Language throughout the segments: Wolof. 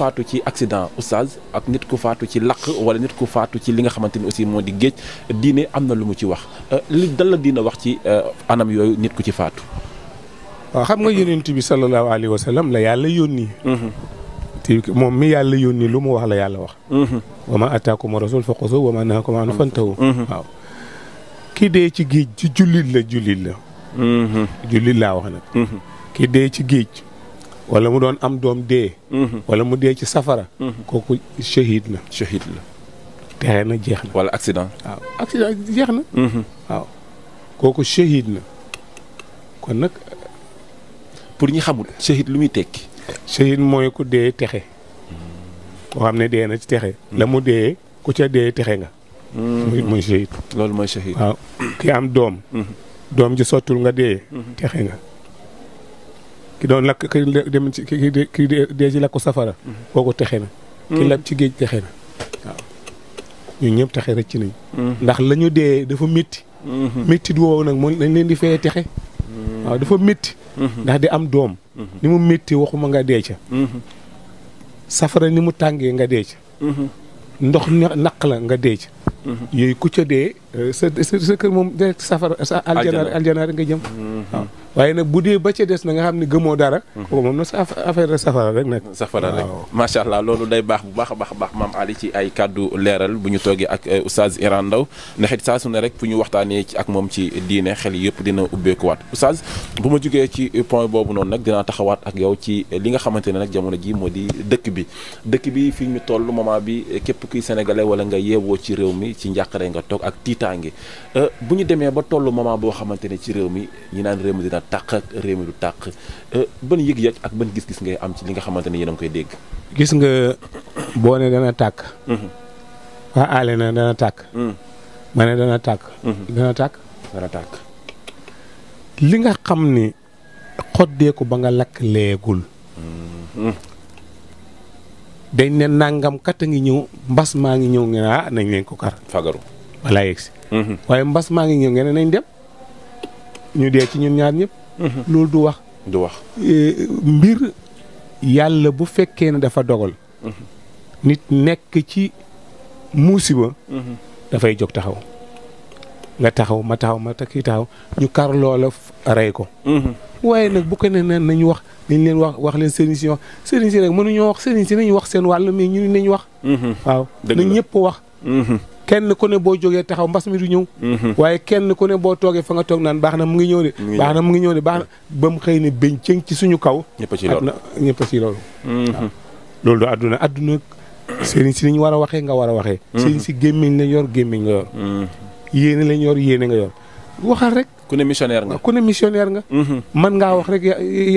faatu ci accident oustaz ak nit ku faatu ci laq wala nit ku faatu ci li nga xamante ni aussi moo di géej diine am na lu mu ci wax euh, li dal la diina wax ci euh, anam yooyu nit ku ci faatu. waaw xam nga yonent bi sallallahu alayhi wa sallam la yàlla yónni. te mm-hmm. moom mi yàlla yónni lu mu wax la yàlla wax. Mm-hmm. wa ma ataakum rasul fa xusu wa ma nahakum anhu fantahu mm-hmm. waaw ki dee ci géej ci jullit la jullit la. jullit laa wax nag. ki dee ci géej. wala mu doon am doom dee. Mhm. wala mu dee ci safara. Mhm. kooku shahid na shahid la. texe na jeex na. wala accident. waaw accident jeex na. Mhm. waaw kooku shahid na kon nag. pour ñi xamul shahid lu muy tekki. shahid mooy ku dee texe. koo xam ne dee na ci texe. la mu dee ku ca dee texe nga. muy muy loolu mooy shahid. waaw ki am doom. doom ji sottul nga dee. texe nga. ki doon lakk ki dem ci ki ki dee ci lakku safara. Mm-hmm. kooku texe na. ki lakk mm-hmm. ci géej texe na waaw. ñun ñëpp texe rëcc nañ mm-hmm. ndax lañu ñu dee dafa métti. métti woowu nag moom dañ leen di fee texe. waaw dafa metti ndax di am doom. ni mu métti waxuma nga dee ca. safara ni mu tàngee nga dee ca. ndox naq la nga dee ca. yooyu ku ca dee. Euh, sa sa kër moom direct safara sa aljanaar aljanaar nga jëm mm-hmm. waaw waaye nag bu dee ba ca des na nga xam ne gëmoo dara mm-hmm. kooku na sa affaire safara rek nag safara macha allah loolu day baax bu baax a baax baax maam Ali ci ay kàddu leeral bu ñu toogee ak euh, oustaz Iran Ndao ndax it saa su ne rek bu ñu waxtaanee ci ak moom ci diine xel yëpp dina ubbeekuwaat oustaz bu ma jógee ci point boobu noonu nag dinaa taxawaat ak yow ci li nga xamante ne nag jamono ji moo di dëkk bi dëkk bi fi ñu toll moment bi képp kuy sénégalais wala nga yeewoo ci réew mi ci njàqare nga toog ak tiit tiitaange euh, bu ñu demee ba tollu moment boo xamante ne ci réew mi ñi naan réew mi dina tàq réew mi du tàq euh, ban yëg-yëg ak ban gis-gis ngay am ci li nga xamante ne yéen a koy dégg. gis nga boo ne dana tàkk. waa aale na dana tàkk. Mhm. ma ne mhm. li nga xam ni xoddeeku ba nga lakk leegul. Mhm. dañ ne nangam kat a ngi ñëw mbas maa ngi ñëw nga ah, nañ leen ko kar balaa yegg si. Mhm. waaye mbas maa ngi ñëw ngeen nañ dem ñu dee ci ñun ñaar ñëpp. Mhm. loolu du wax. du wax eh, mbir yàlla bu fekkee ne dafa dogal. Mhm. nit nekk ci musiba. dafay jog taxaw. nga taxaw ma taxaw ma takki taxaw ñu kar loola rey ko. waaye nag bu ko ne nañu wax nañ leen wax wax leen sëriñ si wax sëriñ si rek mënuñoo wax sëriñ si nañu wax seen wàll mais ñu nañ wax. waaw na ñëpp wax. kenn ku ne boo jógee taxaw mbas mi du ñëw mhm. waaye kenn ku ne boo toogee fa nga toog naan baax na mu ngi ñëw de baax na mu ngi ñëw de baax na ba mu xëy ne béncëng ci suñu kaw ñëpp ci loolu mhm. loolu du àdduna àdduna sëriñ si niñu war a waxee nga war a waxee mhm. sëriñ si gémmiñ lañ yor gémmiñ nga yor yéene lañ yor yéene nga yor waxal rek ku ne missionnaire nga ku ne missionnaire nga. Mhm. man ngaa wax rek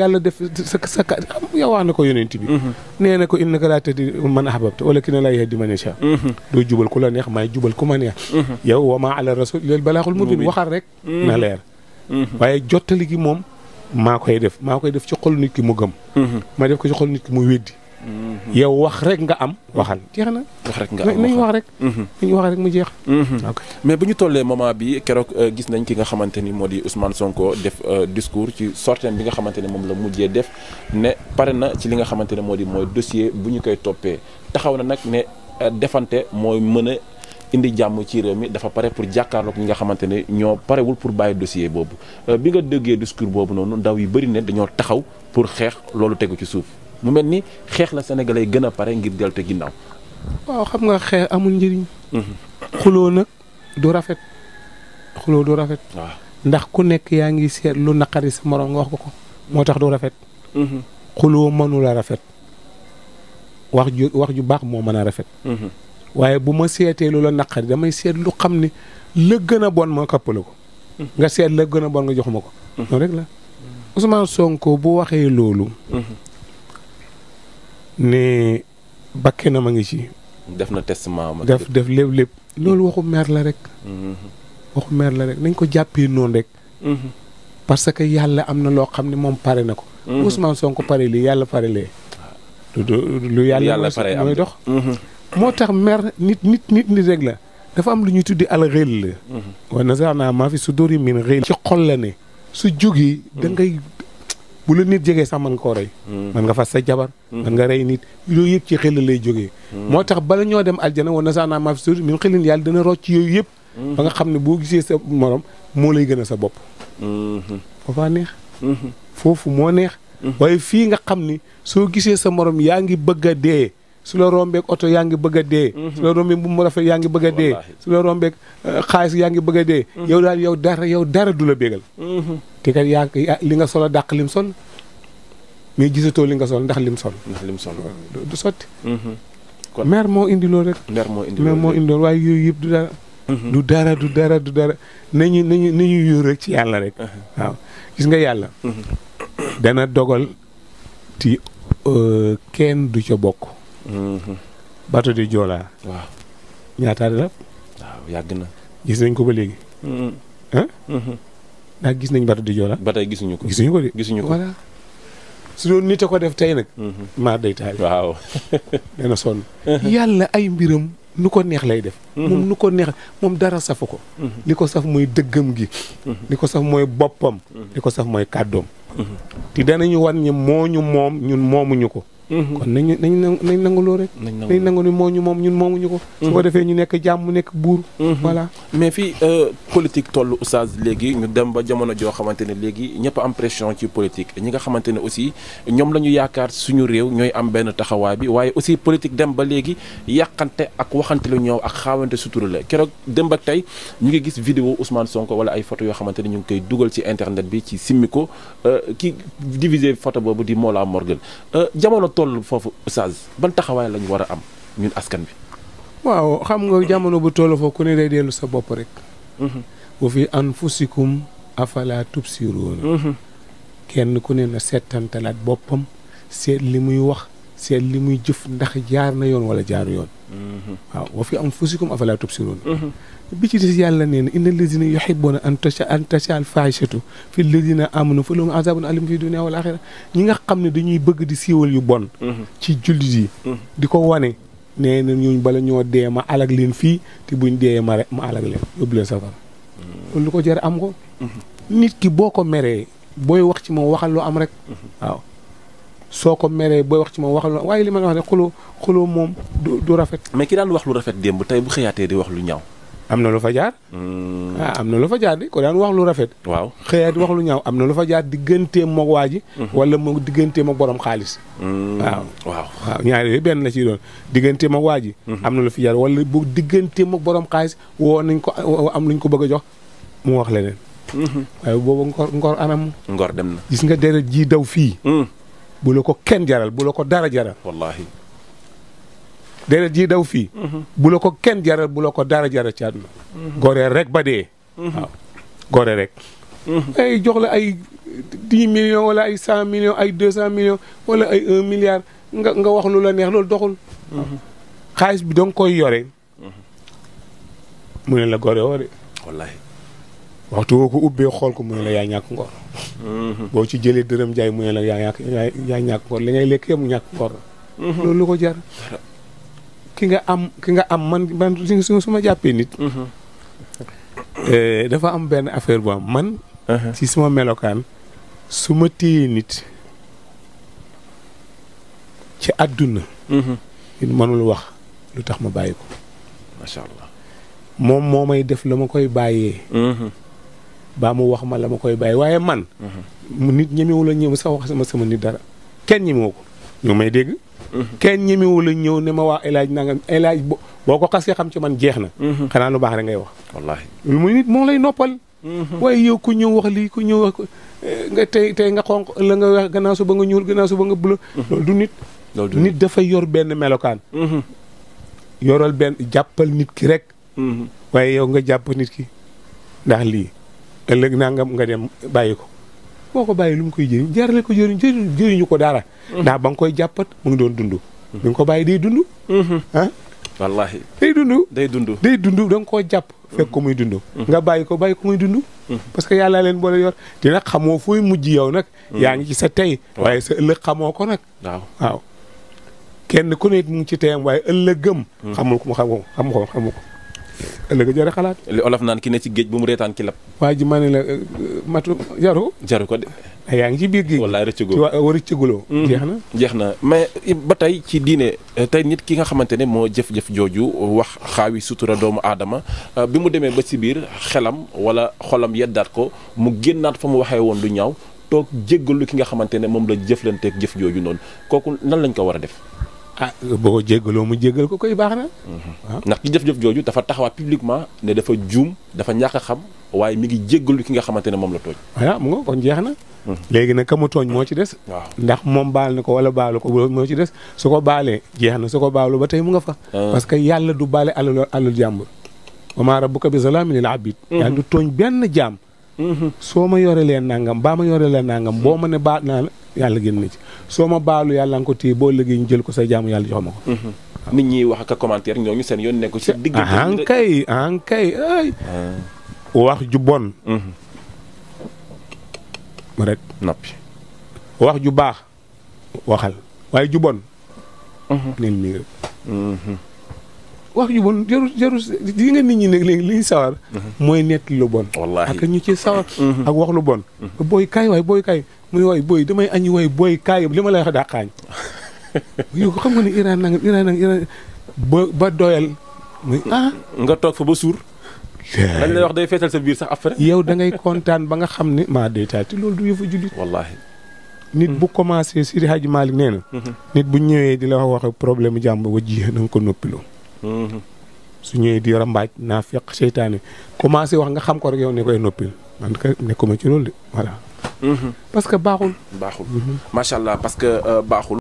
yàlla def sa sa ka yow wax na ko yonent bi. Mhm. nee na ko innaka laa tahdi man a walakinna laa yahdi man yashaa. Mhm. doo jubal ku la neex maay jubal ku ma neex. yow wa maa ala rasul illal balaaxul mubiin waxal rek. na leer. waaye jottali gi moom maa koy def maa koy def ci xol nit ki mu gëm. ma def ko ci xol nit ki mu weddi. yow wax rek nga am waxal jeex na. wax rek nga am nañu wax rek. Mhm. nañu wax rek mu jeex. Mhm. mais bu ñu tollee moment bi keroog euh, gis nañ ki nga xamante ni moo di Ousmane Sonko def euh, discours ci sorteem bi nga xamante ne moom la mujjee def ne pare na ci li nga xamante ne moo di mooy dossier bu ñu koy toppee taxaw na nag ne euh, defante mooy mën a indi jàmm ci réew mi dafa pare pour jàkkaarloog ñi nga xamante ne ñoo parewul pour bàyyi dossier boobu bi nga déggee discours boobu noonu ndaw yi bëri ne dañoo taxaw pour xeex loolu tegu ci suuf. mu mel ni xeex la sénégalais gën a pare ngir dellu te ginnaaw. waaw xam nga xeex amul njëriñ. xuloo nag du rafet. xuloo du rafet. waaw ndax ku nekk yaa ngi seet lu naqari sa morom nga wax ko ko. moo tax du rafet. Mhm. xuloo mënula rafet. wax ju wax ju baax moo mën a rafet. Mhm. waaye bu ma seetee lu la naqari damay seet lu xam ni la gën a bon ma kappale ko. Mhm. nga seet la gën a bon nga jox ma ko. noonu rek la Ousmane Sonko bu waxee loolu. ne na ma ngi ci. def na testament def def lépp lépp loolu waxu meer la rek. Mm-hmm. waxu meer la rek nañ ko jàppee noonu rek. Mm-hmm. parce que yàlla am na loo xam ne moom pare na ko. Mm-hmm. Ousmane Sonko pare lii yàlla pare lee. Ah. lu yàlla pare mooy dox. moo tax meer nit nit nit nit rek la dafa am lu ñuy tuddi al xel la. waaye na sax naa fi su dóor yi miin xel. ci xol la ne su jógee. da ngay bu la nit jegee sax mën koo rey hmm. mën nga fas sa jabar hmm. mën nga rey nit yooyu yëpp ci xel lay jógee hmm. moo tax bala ñoo dem aljana wa nasaanaa maa fi sudur min xilin yàlla dana rocc yooyu yëpp ba nga xam ne boo gisee sa morom moo lay gën sa bopp foofaa neex foofu moo neex waaye fii nga xam ni soo gisee sa moroom yaa ngi bëgg a dee su la rombeeg oto yaa ngi bëgg a dee. Mhm. su la rombeeg yaa ngi bëgg a dee. su la euh, xaalis yaa ngi bëgg a dee. Mhm. yow daal yow dara yow dara du la bégal. Mhm. te kat yaa li nga solo dàq lim sol mais li nga sol ndax lim sol. lim sol du sotti. kon mer moo indiloo loolu rek. mer moo indi loolu moo indi waaye yooyu yëpp du dara. du dara du dara du dara nañu nañu nañu rek ci yàlla rek. waaw gis nga yàlla. dana dogal ci euh, kenn du ca bokk. Mhm. bateau du Joola. waaw ñaata at la. yàgg na. gis nañ ko ba léegi. ah. gis nañ bateau du Joola. ba gisuñu ko gisuñu ko de. gisuñu ko su doon nit a ko def tey nag. maa day taal. waaw. dana sonn. yàlla ay mbiram nu ko neex lay def. moom nu ko neex moom dara safu ko. li ko saf mooy dëggam gi. li ko saf mooy boppam. li ko saf mooy kàddoom. te danañu wan ñi moo ñu moom ñun moomuñu ko. Mm-hmm. kon nañ nañ nañ nanguloo rek nañ nangu ni moo ñu moom ñu moomuñu ko su ko mm-hmm. defee ñu nekk jàmm nekk buur mm-hmm. voilà mais fii euh, politique toll oustaz léegi ñu dem ba jamono joo xamante ne léegi ñëpp am pression ci politique ñi nga xamante ne aussi ñoom la ñu yaakaar suñu réew ñooy am benn taxawaay bi waaye aussi politique dem ba léegi yàqante ak waxante lu ñëw ak xaawante sutura la keroog dem ak tey ñu ngi gis vidéo Ousmane Sonko wala ay photo yoo xamante ne ñu ngi koy dugal ci internet bi ci simmi ko euh, ki divisé photo boobu di Mollah Morgun euh, jamono toll foofu oustaz ban taxawaay lañ war a am ñun askan bi. waaw xam nga jamono bu toll foofu ku ne day dellu sa bopp rek. bu mhm. fi anfusikum afala tubsiruun mhm. kenn ku ne na seetantalaat boppam seet li muy wax seet li muy jëf ndax jaar na yoon wala jaaru yoon mhm. waaw wa fi anfusikum afalaa tubsiruun mhm. bi ci des yàlla nee na inna alladina yuhibbuna an tasha an tasha al faahishatu fi alladina amanu fa lahum azabun alim fi dunia wal axira ñi nga xam ne dañuy bëgg di siiwal yu bon mhm. ci jullit yi di ko wane nee na ñooñu bala ñoo dee ma alag leen fii te buñ dee ma rek ma alag leen yóbbu leen safara lu ko jar am ko nit ki boo ko meree booy wax ci moom waxal loo soo ko meree booy wax ci wax waxal waaye li ma la wax ne xuloo xuloo moom du du rafet. mais ki daan wax lu rafet démb tey bu xëyaatee di wax lu ñaaw. am na lu fa jaar. Hmm. Ah, am na lu fa jaar di ko daan wax lu rafet. waaw xëyaat wax lu ñaaw am na lu fa jaar digganteem moog waa hmm. wala moog digganteem ak borom xaalis. Hmm. waaw waaw waaw ñaar yooyu benn la ciy doon digganteem ma waa ji. am na lu fi jaar wala bu digganteem ak borom xaalis woo nañ ko am luñ ko bëgg a jox mu wax leneen. waaye boobu ngor ngor anam. ngor dem na gis nga deret ji daw fii. bu ko kenn jaral bu ko dara jaral. deret ji daw fii. Mhm. bu ko kenn jaral bu la ko dara jaral ci àdduna. Mhm. goree rek ba dee. Mhm. waaw rek. ay jox la ay dix millions wala ay cent millions ay deux cent millions wala ay un milliard nga nga wax lu la neex loolu doxul. xaalis bi danga koy yore. mu ne la gore woo de. waxtu woo ko ubbee xool ko mu ne la yaa ñàkk ngor mm-hmm. boo ci jëlee dërëm jaay mu ne la yaa ñàkk yaa ñàkk ngor li ngay lekk mu ñàkk ngor mm-hmm. loolu lu ko jar ki nga am ki nga am man man su ma jàppee nit mm-hmm. eh, dafa am benn affaire bu am man ci uh-huh. suma melokaan su ma téye nit ci àdduna nit mënul wax lu tax ma bàyyi ko moom moo may def la ma koy bàyyee baa mu wax ma la ma koy bàyyi waaye man. mu nit ñemewu la ñëw sax wax sama sama nit dara kenn ñemewu ko ñu may dégg. kenn ñemewu la ñëw ne ma wax El Hadj nangam El boo ko xasee xam ci man jeex na. xanaa lu baax rek ngay wax. wallaahi lu muy nit moo lay noppal. waaye yow ku ñëw wax lii ku ñëw wax nga tey tey nga xonq la nga wax su ba nga ñuul gannaaw ba nga bleu. loolu du nit. loolu du nit dafa yor benn melokaan. yoral benn jàppal nit ki rek. Mhm. waaye yow nga jàpp nit ki ndax lii. ëllëg nangam nga dem bàyyi ko boo ko bàyyi lu mu koy jëriñ jaarale ko jëriñ jëriñu ko dara. Mm-hmm. ndax ba nga koy jàppat mu ngi doon dund. Mm-hmm. bi ko bàyyi day dund. Mm-hmm. ah. day dund. day dund day dund da nga jàpp. fekk ko muy dund. nga bàyyi ko bàyyi ko muy dund. parce que yàlla leen boole yor te nag xamoo fooy mujj yow nag. yaa ngi ci sa tey. waaye sa ëllëg xamoo ko nag. waaw kenn ku nekk mu ci teyam waaye gëm xamul ko mu xamu ko xamu xamu ko. ëllëg a xalaat li olof naan ki ne ci géej bu mu reetaan ki lab waa ji ma ne la euh, matu jaru jaru ko de ah, yaa ngi ci biir géej wallaay rëccëgoo wa rëccëguloo mm-hmm. jeex na jeex na mais ba tey ci diine euh, tey nit ki nga xamante ne moo jëf-jëf jooju wax xaawi sutura doomu aadama euh, bi mu demee ba si biir xelam wala xolam yeddaat ko mu génnaat fa mu waxee woon lu ñaaw toog jéggalu ki nga xamante ne moom la jëflanteeg jëf jooju noonu kooku nan lañ ko war a def ah boo jéggaloo mu jéggal ko koy baax na. Mhm. Ah. ndax ki jëf-jëf jooju dafa taxawaa publiquement ne dafa juum dafa ñàkk a xam waaye mi ngi jéggalu ki nga xamante ne moom la tooñ. voilà mu nga kon jeex na. Mhm. léegi nag ka mu tooñ moo ci des. waaw ndax moom baal na ko wala baalu ko moo ci des su ko baalee jeex na su ko baalu ba tey mu nga fa. Ah. parce que yàlla du baale alal alal jàmbur. wa maa rabbuka bi zalaamin lil abid. Mhm. yàlla du tooñ benn jaam. ma yore leen naa baa ma yore leen nangam boo ma ne baal naa la yàlla génn na ci soo ma baalu yàlla nga ko téye boo léegi ñu jël ko say jaamu yàlla jox ma ko. Mhm. nit ñi wax ak commentaire ñooñu seen yoon nekk ci digg. Ah, ankay ankay ah. wax ju bon. Mhm. rek wax ju baax waxal waaye ju bon. Mhm. wax ju bon jarul jarul li nga nit ñi nag léegi li ñu sawar. Mhm. mooy nett lu bon. wallaahi a ñu ci sawar. Mhm. ak wax lu bon. Mhm. booy kaay waay booy kaay muy ne booy damay añi waay booy kaay li ma lay wax daa xaañ. xam nga ne Iran nag Iran nag Iran ba ba doyal. muy ah. nga toog fa ba suur. dañ lay wax day feetal sa biir sax après. yow da ngay kontaan ba nga xam ne maa day taati loolu du yëfu jullit. wallaahi. nit bu si Sidi Hadj Malick nee na. nit bu ñëwee di la wax problème mu jàmm ba jiyee na nga ko noppiloo. su ñëwee di rambaaj naa fekk seytaane commencé wax nga xam ko rek yow ne koy noppil man ka nekkuma ci loolu de voilà. Mm-hmm. parce que baaxul. baaxul macha allah parce que euh, baaxul.